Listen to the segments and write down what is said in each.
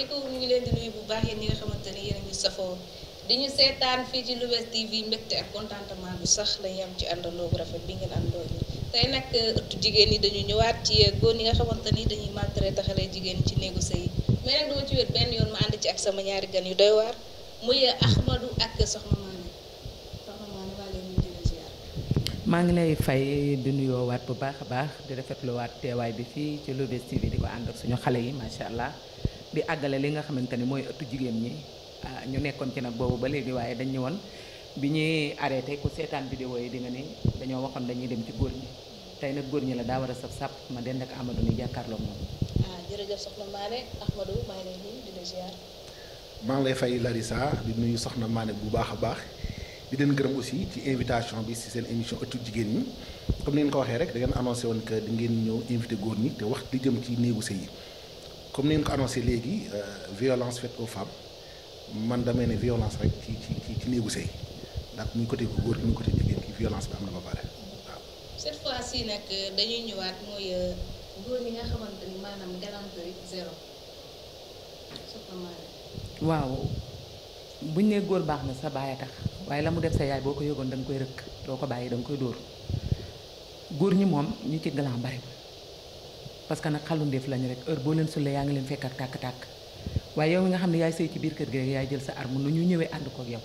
asalaamaaleykum ñu ngi leen xamante ni yéen ñu safoo seetaan fii ci Lou'Bess TV mbégte bu sax lañu am ci àndandoo bu rafet bi nag euh, jigéen ñi dañu ñëwaat ci euh, góor ñi nga xamante ni dañuy maltraité xale jigéen ci néegu sëy yi ci ak sama ñaari gan yu doy waar muy euh, Ahmadou maa ngi lay fay di waat bu baax a baax di rafetluwaat teewaay bi fii ci Lou'Bess TV di ko ànd ak suñu xale yi macha allah bi àggale li nga xamante ni mooy ëttu jigéen ñi ah, ñu nekkoon ci nag boobu ba léegi waaye dañu ñëwoon bi ñuy arrêté ku seetaan vidéo yi di nga ni dañoo waxoon dañuy dem ci góor ñi tey nag góor ñi la daa war a saf sàpp ma dend ak Amadou ni ah, maa ngi lay nuyu di la ziar. maa ngi lay fay Larissa di nuyu soxna Mané bu baax a baax di leen gërëm aussi ci invitation bi si seen émission ëttu jigéen ñi comme ni ngeen ko waxee rek da ngeen annoncé woon que di ngeen ñëw invité góor ñi te wax li jëm ci néegu sëy yi comme ni ko annoncé léegi euh, violence faite aux femmes man damay ne violence rek ci ci ci néegu sëy ndax muy côté bu góor muy côté jigéen ki violence bi am na ba pare waaw. cette fois ci euh, euh, góor baax na sa baay a tax waaye la mu def sa yaay boo ko yegoon da koy rëkk doo ko bàyyi da nga koy dóor góor ñi moom ñu ci galan bari parce que nag xalundéef lañu rek heure boo leen sulle yaa ngi leen fekk ak tàkk-tàkk waaye yow nga xam ne yaay sëy ci biir kër gi rek yaay jël sa arme nu ñu ñëwee ànd koog yow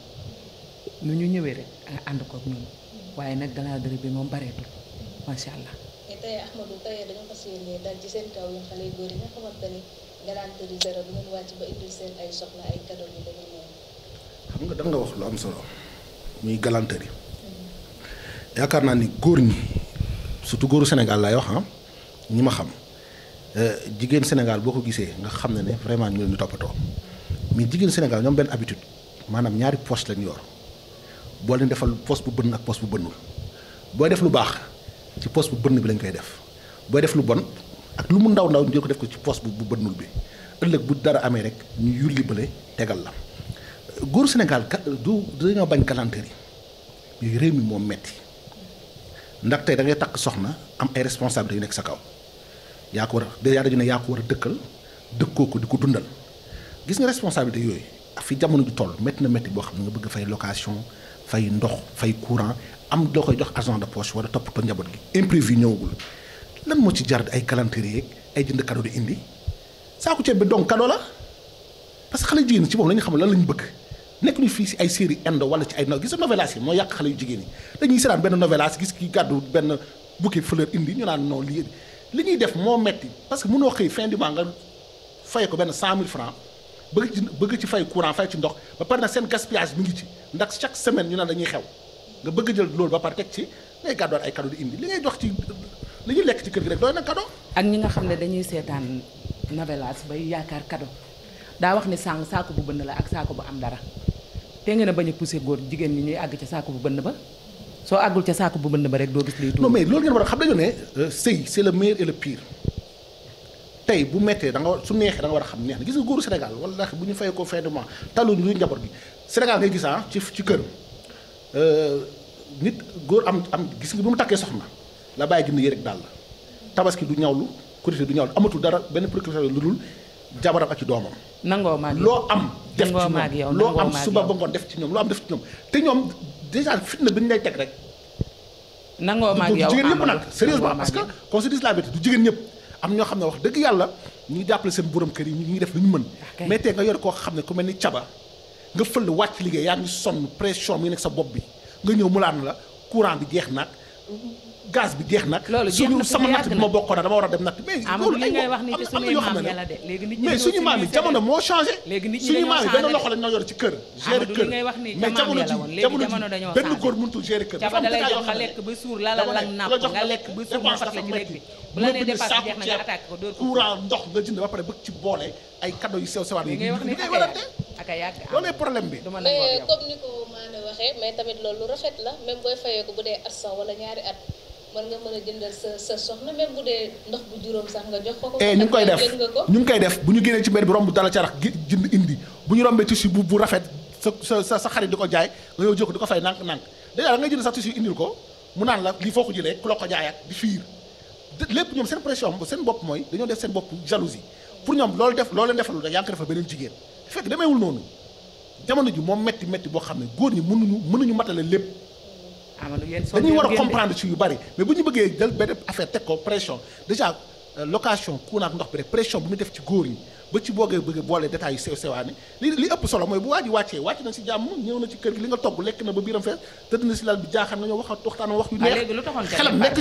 nu ñu ñëwee rek nga waaye nag ganaadëri bi moom bareetul macha allah. wax lu am solo muy galanterie yaakaar naa ni góor ñi surtout góoru Sénégal laay wax ah ñi ma xam. Euh, jigéen Sénégal boo ko gisee nga xam ne ne vraiment ñu leen toppatoo mais jigéen Sénégal ñoom benn habitude maanaam ñaari poste lañu yor boo leen defal poste bu bënn ak poche bu bënnul booy def lu baax ci poche bu bënn bi lañ koy def booy def lu bon ak lu mu ndaw ndaw ñu ko def ko ci poche bu bënnul bi ëllëg bu dara amee rek ñu yulli bële tegal la euh, góor Sénégal ka euh, du dañoo bañ galanterie yi réew mi moom metti ndaxte tey takk soxna am ay responsabilités yu nekk sa kaw yaa ko war a dèjà dañu ne yaa ko war a dëkkal dëkkoo ko di ko dundal gis nga responsabilité yooyu fi jamono ji toll métti na métti boo xam ne nga bëgg fay location fay ndox fay courant am doo koy jox argent de poche topp toppatoo njaboot gi imprévu ñëwagul lan moo ci jar ay calendrier yeeg ay jënd cadeau di indi saako ceeb bi donc cadeau la parce que xale jigéen ñi ci moom la ñu xam lan la ñu bëgg nekk ñu fii si ay série indo wala ci ay no gis nga novelas yi moo yàq xale yu jigéen yi dañuy seetaan benn novelas gis ki gàddu benn bouquet fleur indi ñu naan non lii li ñuy def moo metti parce que mënoo xëy fin di mois nga fay ko benn cent mille francs bëgg ci bëgg ci fay courant fay ci ndox ba pare na seen gaspillage mi ngi ci ndax chaque semaine ñu ne dañuy xew nga bëgg jël loolu ba pare teg ci ngay gàddoon ay cadeau di indi li ngay dox ci li ñu lekk ci kër gi rek doy na cadeau. ak ñi nga xam ne dañuy seetaan navelage bay yaakaar cadeau daa wax ne sàng saako bu bënn la ak saako bu am dara te ngeen a bañ a pousser góor jigéen ñi ñuy àgg ci saako bu bënn ba. soo àggul ca saako bu mën ba rek doo gis lii. non mais loolu ngeen war a xam dañu ne euh, sëy c'est le meilleur et le pire tey bu mettee da nga war su neexee da war a xam neex na gis nga senegal Sénégal wala bu ñu fay ko fin de mois talu ñu njaboot gi Sénégal ngay gis ah ci ci kër euh, nit góor am am gis nga bu mu takkee soxna la bàyyi jënd yére rek daal la tabaski du ñawlu korité du ñawlu amatul dara benn précaution lu dul jabaram ak ci doomam. nangoo maag loo am. def ci ñoom loo am suba ba ngoon def ci ñoom loo am def ci ñoom te ñoom. déjà fitna bi ñu lay teg rek. nangoo ma ak yow jigéen ñëpp nag sérieusement parce que qu'on se dise la vérité du jigéen ñëpp am ñoo xam ne wax dëgg yàlla ñu ngi jàppale seen borom kër yi ñu ngi def lu ñu mën ah, mais tey nga yor koo xam ne ku mel ni caba nga fël wàcc liggéey yaa ngi sonn pression mi ngi nekk sa bopp bi nga ñëw mu laan la courant bi jeex nag gaz bi jeex nag. loolu suñu sama natt bi ma bokkoon dama war a dem natt mais. loolu ay wax am na suñu maam yi jamono moo changé. suñu maam yi benn loxo lañ la yor ci kër. gérer kër mais jamono ji jamono ji benn góor mënutul gérer kër. dafa am dara yoo xam ne dama jox dépense dafa métti. nga ceeb courant ndox nga jënd ba pare bëgg ci boole ay cadeau yu sew sewaat yi. li ngay warante loolu problème bi. mais eh, comme ni ko maanaam waxee mais tamit loolu war nga mën a jëndal sa ndox bu juróom sax nga jox ko ko. Eh, ñu ngi koy def ñu ngi koy def bu ñu génnee ci mbedd bi romb dala carax jënd indi bu ñu rombee tissu bu bu rafet sa sa xarit di ko jaay nga yow jël ko di ko fay nànk nànk dèjà da nga indil ko mu naan la lii foo ko jëlee ku ko jaayaat di fiir lépp ñoom seen pression seen bopp mooy dañoo def seen bopp jalousie pour ñoom loolu def loolu leen defalul rek yaa ngi ko defal beneen jigéen fekk demeewul noonu jamono ji moom metti metti boo xam ne góor ñi mënuñu mënuñu matale lépp dañuy war a comprendre ci yu bari mais bu ñu bëggee jël benn affaire teg ko pression déjà euh, location ku naat ndox bi rek pression bu muy def ci góor yi ba ci boogee bëgg boole détails sew sewaani li ëpp solo mooy bu waa ji wàccee wàcc na si jàmm ñëw na ci kër gi li nga togg lekk na ba biiram fees tëdd na si lal bi jaaxaan nga ñëw wax neex xelam nekk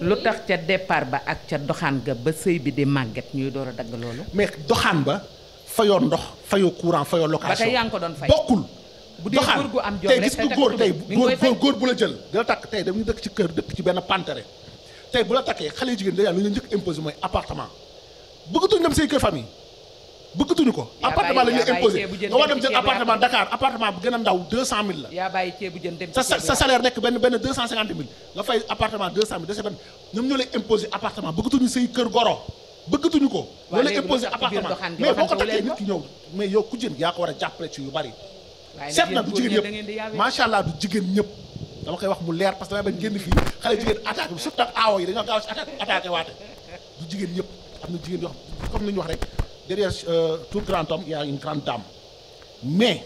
lu tax ca départ ba ak ca doxaan ga ba sëy bi di màgget ñuy door a dagg loolu mais doxaan ba fayoo ndox fayoo courant fayoo location. ba tey yaa ngi bokkul. bu tey gis nga góor góor góor bu la jël. di la takk tey dañuy dëkk ci kër dëkk ci benn pantere tey bu la takkee xale jigéen dañu lu ñu njëkk imposé mooy appartement bëggatuñu dem seen kër famille bëggatuñu ko. appartement la imposé nga war dem jël appartement Dakar appartement bu gën a ndaw 200000 la. yaa bàyyi ceebu jën dem sa sa salaire nekk benn benn 250000 nga fay bëggatuñu ko. wala imposé appartement mais boo ko takkee nit ki ñëw mais yow ku jën yaa ko war a jàppale yu bari. seet na du jigéen yëpp macha allah du jigéen ñëpp. dama koy wax mu leer parce que damay bañ génn fii xale jigéen ñëpp am na jigéen yoo xam comme ni ñu wax rek derrière euh, tout grand homme il y a une grande dame mais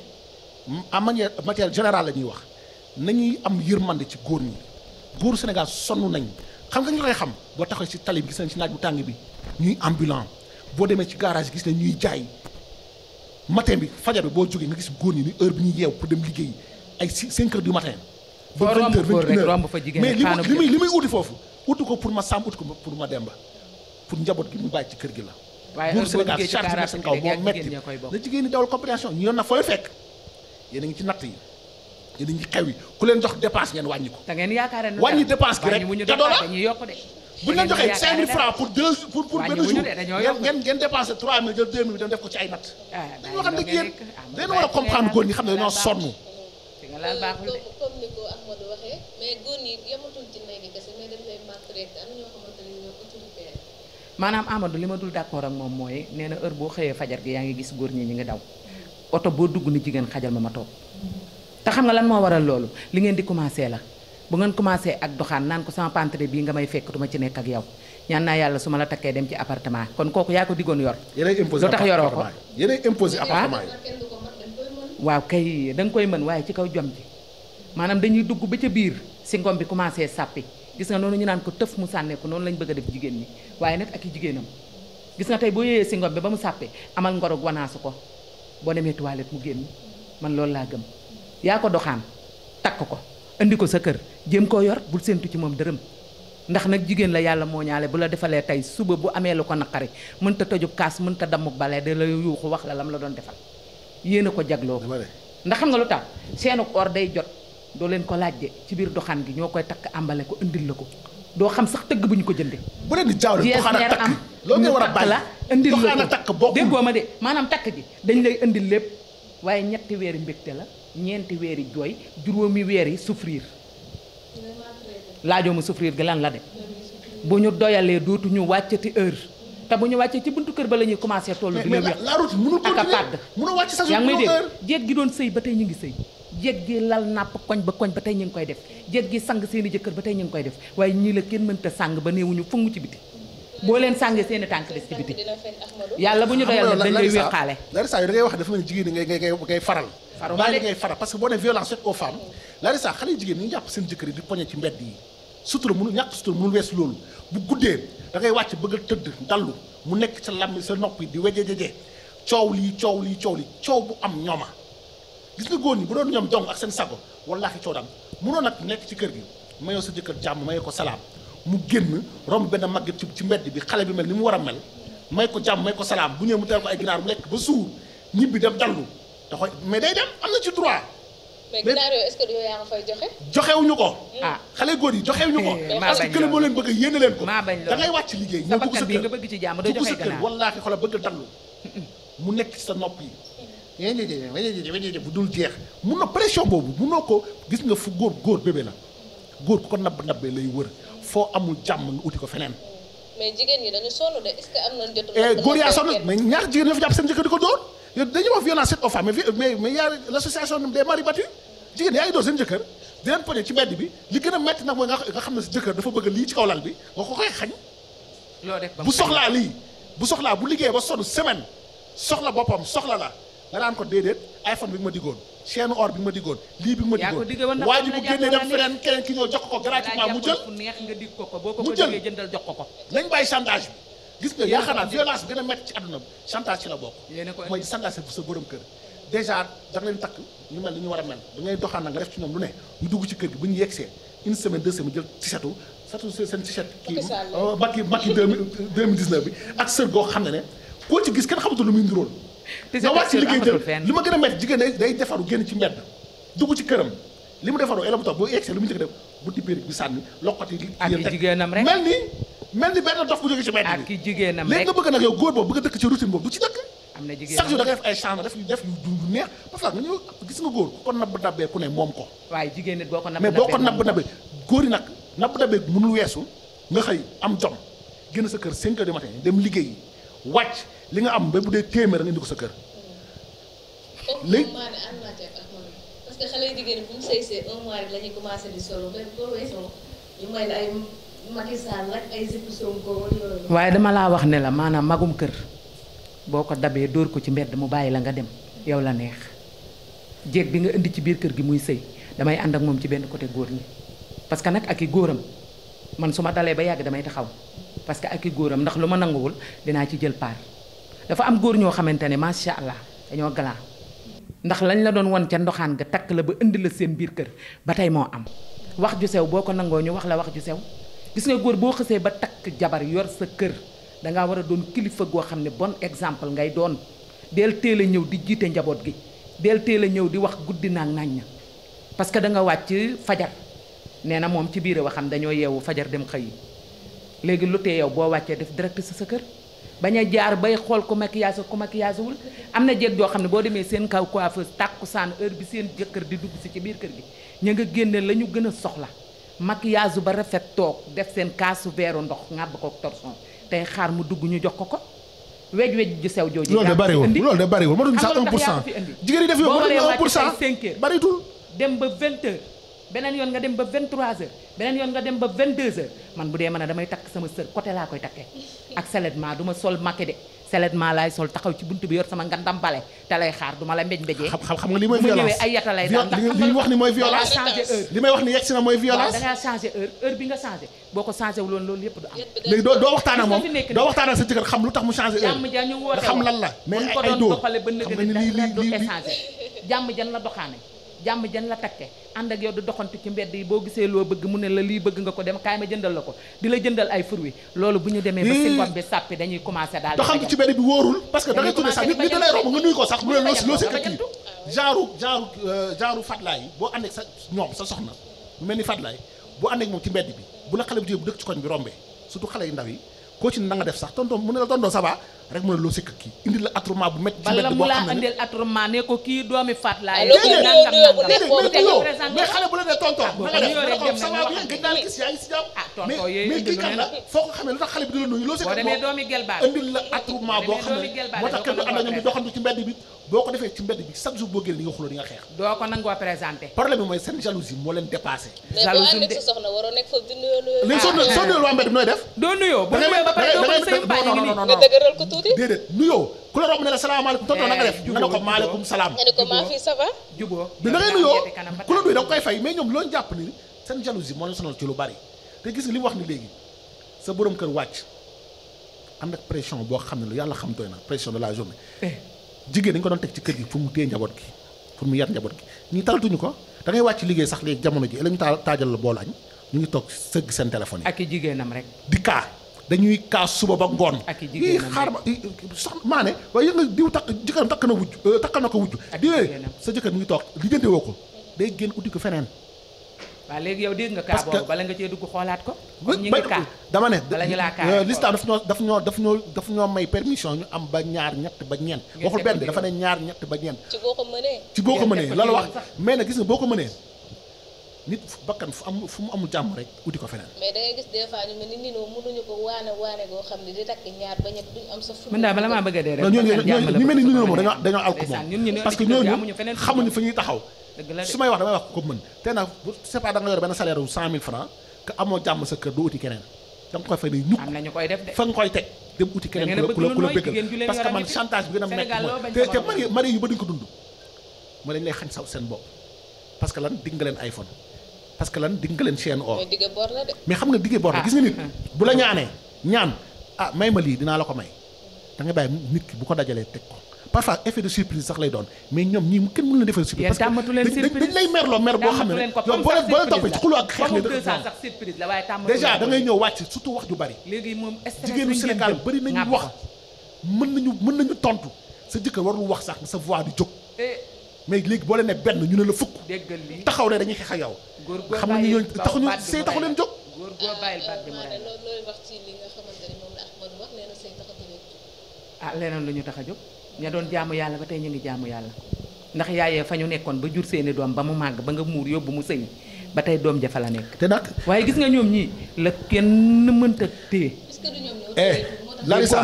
en manière matière générale la ñuy wax nañuy am yërmande ci góor ñi góor Sénégal sonn nañ xam nga ñu koy xam boo taxaw ci tali bi gis nañ ci naaj bu tàng bi ñuy ambulant boo demee ci garage gis nañ ñuy jaay matin bi fajar bi boo jógee nga gis góor ñi ni heure bi ñu yeew pour dem liggéey ay si 5 heures du matin. ba 20 heures 21 heures mais li muy li muy uti foofu uti ko pour ma sàmm uti ko pour ma demba pour njaboot gi mu bàyyi ci kër gi la. waaye heure boo liggéey ci kaaraat bi boo ak jigéen ña koy bokk buur Sénégal charge na metti na jigéen ñi dawal compréhension ñu fooy fekk yéen a ngi ci natt yi te dañuy xew yi ku leen jox dépense ngeen wàññi ko. da ngeen yaakaar ne wàññi dépense gi rek te doon dañuy yokk de. bu ñu leen joxee 5000 francs pour deux pour pour benn jour ngeen ngeen ngeen dépensé 3000 jël 2000 dem def ko ci ay natt. Ah, dañu waxal ne yéen ah, dañu war a comprendre góor ñi xam ne dañoo sonn. nga laal baaxul de comme ni ko Ahmadou waxee mais góor ñi yamatul ci ndey gi kese mais dañ lay màtt rek am ñoo xamante ne ñoo utilitaire. maanaam Amadou li ma dul d'accord ak moom mooy nee na heure boo xëyee fajar gi yaa ngi gis góor ñi ñi nga daw oto boo dugg ni jigéen xajal ma ma toog te xam nga lan moo waral loolu li ngeen di commencé la bu ngeen commencé ak doxaan naan ko sama pantre bii nga may fekk duma ci nekk ak yow ñaan naa yàlla su ma la takkee dem ci appartement kon kooku yaa ko diggoon yor. lu tax yoroo ko yéenay imposé ah? appartement yi waaw kay da nga koy mën waaye ci kaw jom ji maanaam dañuy dugg ba ca biir si ngom bi commencé sàppi gis nga noonu ñu naan ko tëf mu sànneeku noonu lañ bëgg a def jigéen ñi waaye nag ak i jigéenam gis nga tey boo yëyee si ngom bi ba mu sàppee amal ngorog wanaasu ko boo demee toilette mu génn man loolu laa gëm yaa ko doxaan takk ko indi ko sa kër jéem koo yor bul séentu ci moom dërëm ndax nag jigéen la yàlla moo ñaale bu la defalee tey suba bu amee la ko naqari mënta tojub kaas mënta dammuk bale da la yuuxu wax la lam la doon defal yéen a ko jagloo ndax xam nga lu tax seenu or day jot doo leen ko laaj de ci biir doxaan gi ñoo koy takk àmbale ko indil la ko doo xam sax tëgg bu ñu ko jëndee. bu leen di jaawale doxaan am takk loolu ngeen war a bàyyi la indil la ko doxaan ma maanaam takk ji dañ lay indil lépp waaye ñetti weeri mbégte la ñeenti weeri jooy juróomi weeri yi souffrir laajoo ma souffrir gi lan la de bu ñu doyalee dootuñu wàccati heure te bu ñu wàccee ci buntu kër ba la ñuy commencé toll di leen wéq ak a pàdd yaa ngi may dégg jéeg gi doon sëy ba tey ñu ngi sëy jéeg gi lal nàpp koñ ba koñ ba tey ñu ngi koy def jéeg gi sang seen i jëkkër ba tey ñu ngi koy def waaye ñii la kenn mënta sàng ba newuñu fungu ci biti boo leen sàngee seen i tànk des ci biti yàlla bu ñu doyal dañ koy wéqaale larisa ngay wax dafa mel ni jigéen ngay ngay ngay bàyyi li ngay fara parce que boo ne violence faite aux femmes la sax xale jigéen ñu jàpp seen jëkkër yi di poñe ci mbedd yi sutura mënul ñàkk sutura mënul wees loolu bu guddee da ngay wàcc bëgg a tëdd dallu mu nekk sa lam sa nopp yi di wejejeje coow lii coow lii coow lii coow bu am ñooma gis nga góor ñi bu doon ñoom dong ak seen sago wallaahi coow daam mënoon nag nekk ci kër gi mayoo sa jëkkër jàmm mayoo ko salaam mu génn romb benn màgget ci ci mbedd bi xale bi mel ni mu war a mel may ko jàmm may ko salaam bu ñëw mu teel mu lekk ba suur ñibbi dem dallu da mais day dem am na ci droit. mais ginaar yooyu est joxe. joxewuñu ko. ah xale góor yi joxewuñu ko. Eh, parce que kële moo leen bëgg a yéene leen ko. maa bañ loolu da ngay wàcc liggéey. ñëw dugg sa kër a dallu mu nekk sa nopp yi. yaa ngi dégg yaa ngi dégg bu dul jeex mun na pression boobu munoo ko gis nga fu góor góor bébé la góor ku ko nabb nabbee lay wër foo amul jàmm nga uti ko feneen. mais jigéen ñi dañu sonn de est-ce que eh, góor yaa sonn mais ñaar jigéen ñoo fi jàpp seen jëkkër di ko dóor dañuy wax violence faite aux femmes mais mais yaa l'association des maris battus jigéen yaa ngi doon seen jëkkër di leen poñe ci mbedd bi li gën a metti nag mooy nga xam ne sa jëkkër dafa bëgg lii ci kaw lal bi nga ko koy xañ bu soxlaa lii bu soxlaa bu liggéey ba sonn semaine soxla boppam soxla la nga naan ko déedéet iPhone bi nga ma diggoon chaîne or bi nga ma diggoon lii bi nga ma diggoon waa ji bu génnee dem feneen keneen ki ñëw jox ko gratuitement mu jël mu jël nañ gis nga yaakaar naa violence gën a métti ci àdduna chantage ci la bokk mooy chantage sa borom kër dèjà da leen takk ñu mel ni ñu war a mel da ngay doxaan nga def ci ñoom lu ne ñu dugg ci kër gi bu ñu yegsee une semaine deux semaines bi ak sër goo xam ne ne koo ci gis kenn xamatul lu muy nduróol nga wàcc ci liggéey li a métti jigéen day defaru génn ci mbedd dugg ci këram li mu defaru elamu tax boo yegsee lu muy njëkk def bu tibbéer bi sànni loxoti li mel mel ni benn dof bu jógee ci mbedd bi ak nga bëgg nag yow góor boobu bëgg dëkk ci routine boobu du ci dëkk am na jigéen chaque jour da ngay def ay def yu neex parce que nga ñëw gis nga góor kon nabb dabbee ku ne moom ko waaye jigéen nit boo ko nabb mais boo góor yi nag nabb dabbee mënul weesu nga xëy am jom génn sa kër 5 heures du matin dem liggéey wàcc li nga am ba mu dee téeméer nga indi ko sa kër léegi parce que xale jigéen bu ñu sëy see un mois rek la ñuy di solo waaye dama laa wax ne la maanaam magum kër boo ko dabee dóor ko ci mbedd mu bàyyi la nga dem yow la neex jéeg bi nga indi ci biir kër gi muy sëy damay ànd ak moom ci benn côté góor ñi parce que nag ak i góoram man su ma dalee ba yàgg damay taxaw parce que ak i góoram ndax lu ma nanguwul dinaa ci jël paar dafa am góor ñoo xamante ne macha allah dañoo galaa ndax lañ la doon won ca ndoxaan ga takk la ba indi la seen biir kër ba tey moo am wax ju sew boo ko nangoo ñu wax la wax ju sew gis nga góor boo xësee ba takk jabar yor sa kër dangaa war a doon kilifa goo xam ne bon exemple ngay doon del teel a ñëw di jiite njaboot gi del teel a ñëw di wax guddi naa nañ parce que da nga wàcc fajar nee na moom ci biir waxam dañoo yeewu fajar dem xëy yi léegi lu te yow boo wàccee def direct si sa kër bañ a jaar bay xool ku maquillage ku am na jeeg joo xam ne boo demee seen kaw coiffeuse tàkkusaan heure bi seen jëkkër di dugg si ci biir kër gi ña nga génne la ñu gën a soxla maquillage ba rafet toog def seen kaasu veeru ndox ngàbb ko torson tey xaar mu dugg ñu jox ko ko wej wej ju sew jooju loolu de bariwul loolu de bariwul ma dum sax 1 pour cent jigéen yi def yow ma dum 1 pour cent cinq baritul dem ba vingt heures beneen yoon nga dem ba 23 heures beneen yoon nga dem ba vingt 22 heures man bu dee mën a damay takk sama sër côté laa koy takkee ak seulement du ma sol maqué seulement laay sol taxaw ci buntu bi yor sama ngandam bale te lay xaar du ma la mbéj mbéjee. xam xam nga li mooy violence ay yata lay daan li ñu wax ni mooy violence. li may wax ni yegg na mooy violence. da ngaa changé heure bi nga changé boo ko changé loon loolu yëpp du am. léegi doo doo waxtaan moom doo waxtaan sa jëkkër xam lu tax mu changé heure. jàmm xam lan la mais ay doo xam nga ni lii lii lii jàmm jan la doxaane jàmm jën la takke ànd ak yow di doxantu ci mbedd yi boo gisee loo bëgg mu ne la lii bëgg nga ko dem kaay ma jëndal la ko di la jëndal ay fruits loolu bu ñu demee ba hmm. si bi sàppi dañuy commencé daal doxantu ci mbedd bi wóorul parce romb nga nuyu ko sax mu ne loo si loo si ak kii genre genre euh, genre fatlaay boo ànd ak sa ñoom sa soxna mu mel ni fatlaay boo ànd ak moom ci mbedd bi bu la xale bu jigéen bu dëkk ci koñ bi rombee surtout xale yu ndaw yi koo ci na nga def sax tonton mu ne rek mën a loo sekk kii indi la attroupement bu métti. ci métti boo xam ne bala mu laa indil attroupement ne ko kii doomi Fat laa yëg. déedéet xale bu la nee tonton. Ah, nga ah, xale bi di la loo sekk boo indil la attroupement boo xam ne moo tax kenn du ànd ak ñoom di doxantu ci mbedd bi boo ko defee ci mbedd bi chaque jour boo génn di nga xuloo di nga xeex. doo ko nangoo présenté. problème mooy boo ànd ak sa soxna waroo ah, ah. def. doo nuyoo ba pare doo ko sëy bàyyi ngi ko ne salaamaaleykum tonton na nga eh, def nga ne ko maaleykum salaam. nga ne ko la nuyu da nga koy fay mais ñoom loolu jàpp ni seen jalousie moo leen ci lu bari te gis li wax ni léegi sa borom kër wàcc am nag pression boo xam ne lu yàlla xam doy na pression de la journée eh. jigéen dañu ko doon teg ci kër gi pour mu téye njaboot gi pour mu yar njaboot gi ñu talatuñu ko da ngay wàcc liggéey sax léegi jamono ji la ñu taal taajal la bool añ ñu ngi toog sëgg seen téléphone yi. jigéenam rek. di kaa dañuy kaa suba ba ngoon. ak i jigéenam rek xaar ma sax maa ne waaye yëngal diw takk jëkkëram takk na wujj euh, takkal na ko wujj. ak sa jëkkër mu ngi toog lijjanti woo ko day génn uti ko feneen waaw léegi yow dégg nga kaa boobu bala nga cee dugg xoolaat ko. ñi ngi kaa dama ne. bala ñu laa kaa daf ñoo daf ñoo daf may permission ñu am ba ñaar ñett ba ñeent. waxul benn dafa ne ñaar ñett ba ñeent. ci boo ko mënee. ci boo ko mënee loolu wax mais nag gis nga boo ko mënee. nit bakkan fu am fu mu amul jàmm rek uti ko feneen. mais da gis des ñu mel ni nii noonu mënuñu ko waane waane goo xam ne di takk ñaar ba ñett duñ am sa. fu mën naa bala maa bëgg a dee rek. ñooñu ñooñu ñu mel ni ñu ne dañoo dañoo moom parce ñooñu xamuñu fa ñuy taxaw su may wax damay wax ko mën te nag bu c'est pas da nga yor benn salaire wu cent mille francs que amoo jàmm sa kër du uti keneen da koy fay ne ñuk am nañu koy def de fa nga koy teg dem uti keneen ku la ku la a metti te te mari mari seen bopp parce que lan dig nga leen iPhone parce que lan dig nga leen chaîne or mais xam nga digge bor la ah. gis nga nit bu la ah. ñaanee ñaan ah may ma lii dinaa la ko may da nga bàyyi nit ki bu ko dajalee teg ko parfois effet de surprise sax lay doon mais ñoom ñii kenn mën na defal surprise. parce que dañ lay merloo mer boo xam ne rek yow boo leen boo leen toppee ci xuloo ak xeex la déjà da ngay ñëw wàcc surtout wax ju bari. jigéenu Sénégal bari nañu wax mën nañu mën tontu sa jëkkër warul wax sax sa voix di jóg eh. mais léegi boo leen ne benn ñu ne la fukk taxaw ne dañuy xeex a yow xam nga ñooñu taxuñu sëy taxu leen jóg góor ne moom la Ahmadou ah, ñu tax a jóg ña doon jaamu yàlla ba tey ñu ngi jaamu yàlla ndax yaayee fa ñu nekkoon ba jur seeni doom ba mu màgg ba nga muur yóbbu mu sëy ba tey doom jafa la nekk. te nag waaye gis nga ñoom ñii la kenn mënta téye. eh Larissa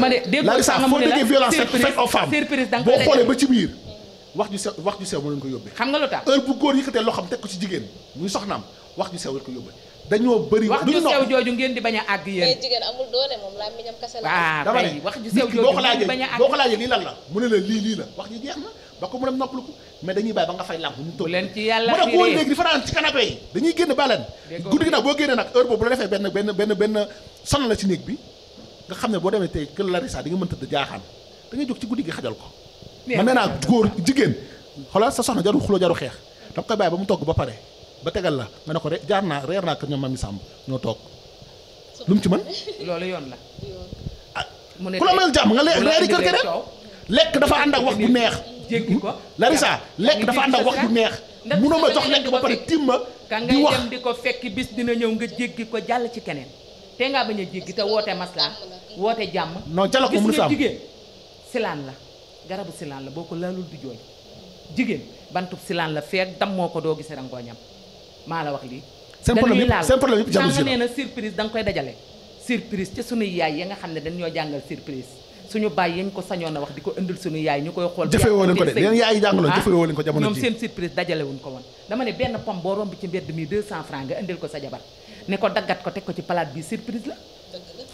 Larissa foo déggee violence faite aux femmes boo xoolee ba ci biir. wax ju sew wax ju sew ma leen ko yóbbee. xam nga lu tax heure bu góor yëkkatee loo xam teg ko ci jigéen muy soxnaam wax ju sew la ko yóbbee. dañoo bëri wax ju sew jooju ngeen di bañ a àgg yéen jigéen amul doole moom laa miñam kese la dama ne wax ju sew jooju boo ko laajee lii lan la mu ne la lii lii la wax ji jeex na ba ko mu dem noppalu ko mais dañuy bàyyi ba nga fay làmp ñu toog leen ci yàlla mu ne ko léegi di fanaan ci canapé yi dañuy génn baleen génnee nag heure boobu la defee benn benn benn benn sonn la ci néeg bi nga xam ne boo demee tey kër Larissa di nga mën tëdd jaaxaan da ngay jóg ci guddi gi xajal ko man nee naa góor jigéen xoolal sa soxna jaru xuloo jaru xeex da koy bàyyi ba mu togg ba pare ba tegal la nga ne ko re jaar naa reer naa kër ñoom Mamy Samb ñoo toog lu ci mën. loolu yoon la. Ah, mu ne ku la mel jàmm nga reeri kër lekk dafa ànd ak wax bu neex. jéggi ko hmm? Larissa lekk dafa ànd ak wax bu neex. munoo ma jox lekk ba pare timma. di wax di ko fekk bis dina ñëw nga jéggi ko jàll ci keneen. te ngaa bañ a jéggi te woote maslaa woote jàmm. non jàll ko mu gis nga jigéen. silaan la garabu silaan la boo ko laalul du jooy jigéen bantub silaan la feeg dam moo ko doo gisee rangooñam maa la wax lii. dañuy laal seen problème yëpp jàmm si nee na surprise da koy dajale. surprise ci suñuy yaay ya nga xam ne dañ ñoo jàngal surprise suñu bàyyi yañ ko sañoon a wax di ko indil suñu yaay ñu koy xool. jafe woo leen ko de yéen yaay yi jàngaloon ah, jafe woo leen ko jamono ji ñoom seen surprise dajale ko woon. dama ne benn pomme boo romb ci mbedd mi 200 francs nga indil ko sa jabar ne ko daggat ko teg ko ci palaat bi surprise la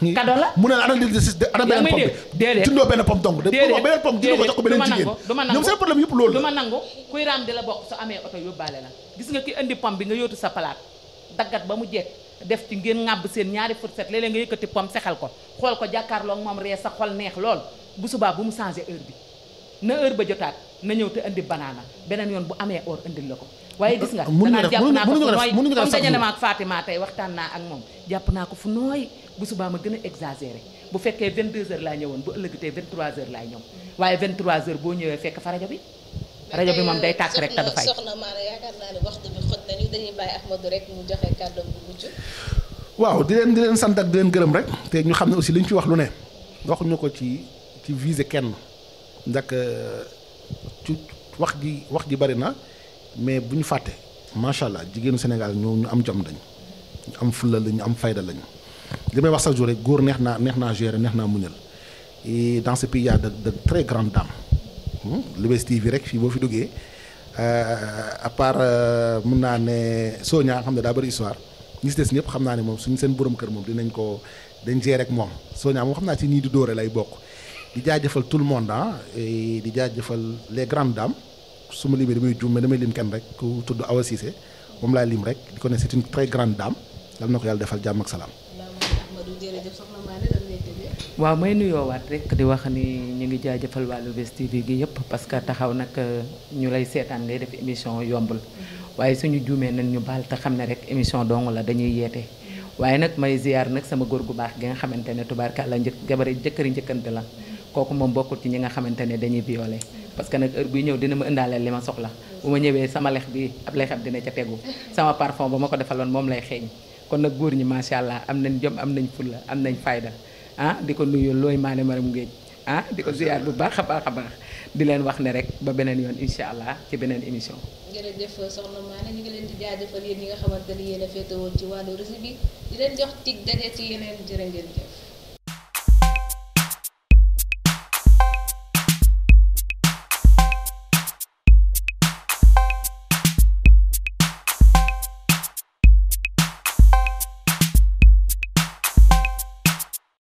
cadeau la mu ne la ana lii de si ana beneen pomme bi déedéet jëndoo benn pomme donc beneen pomme jënd ko jox ko beneen jigéen ñoom seen problème yëpp loolu la du ma nangu kuy raam di la bokk su amee oto yóbbaale la gis nga ki indi pomme bi nga yóotu sa palaat daggat ba mu jekk def ci ngeen ŋàbb seen ñaari fourchette léeg-léeg nga yëkkati pomme sexal ko xool ko jàkkaarloo moom ree sa xol neex lool bu subaa bu mu changé heure bi na heure ba jotaat na ñëw te indi banaana beneen yoon bu amee or indil la ko waaye gis nga danaa jàpp naa ko fu nooy comme dañu ne ma ak Fatima tey waxtaan naa ak moom jàpp naa ko fu nooy bu subaa ma gën a exagéré bu fekkee 22h laa ñëwoon bu ëllëgatee 23h laa ñëw waaye 23h boo ñëwee fekk fa rajo bi. rajo bi moom day tàkk rek te du fay soxna Mara yaakaar naa waaw di leen di leen sant di leen gërëm rek te ñu xam ne aussi li ñu ci wax lu ne waxuñu ko ci ci visé kenn ndax euh, ci wax ji wax ji bari na mais bu ñu fàtte macha allah jigéenu Sénégal ñoo ñu am jom dañ ñu am fulla la am fayda lañu li may wax sa jour rek góor neex naa neex naa gérer neex naa muñal et dans ce pays y a de de très grandes dames hmm? Lou'Bess TV rek fii boo fi duggee euh, à part euh, mun naa ne Sonia xam ne daa bëri histoire ñi si des ñëpp xam naa ne moom suñ seen borom kër moom dinañ ko dañ gérer rek moom Sonia moom xam naa ci ñii di dóore lay bokk di jaajëfal tout le monde ah di jaajëfal les grand dames su ma limee damay juum mais damay lim kenn rek ku tudd Awa Cissé moom laa lim rek di ko ne c'est une très grande yàlla defal jàmm ak waaw may nuyoo waat rek di wax ni ñu ngi jaajëfal waa Lou'Bess TV gi yëpp parce que taxaw nag euh, ñu lay seetaan ngay def émission yombul mm-hmm. waaye suñu juumee nañ ñu baal te xam ne rek émission dong la dañuy yeete. Mm-hmm. waaye nag may ziar nag sama góor gu baax gi nga xamante ne la njëkk jabari jëkkëri njëkkante la mm-hmm. kooku moom bokkul ci ñi nga xamante ne dañuy violé parce que nag heure buy ñëw dina ma indaale li ma soxla bu ma ñëwee sama lex bi ab lay xam ca tegu sama parfum ba ma ko defaloon moom lay xeeñ kon nag góor ñi macha allah am nañ jom am nañ fulla am nañ fayda ah, di ko nuyu looy maane maram ngéej ah di ko ziyaar bu baax a baax a baax di leen wax ne rek ba beneen yoon incha allah ci beneen émission. jërëjëf soxna Mané ñu ngi leen di jaajëfal yéen ñi nga xamante ni yéen a féete ci wàllu réseau di leen jox tig daje ci yeneen jërë jëf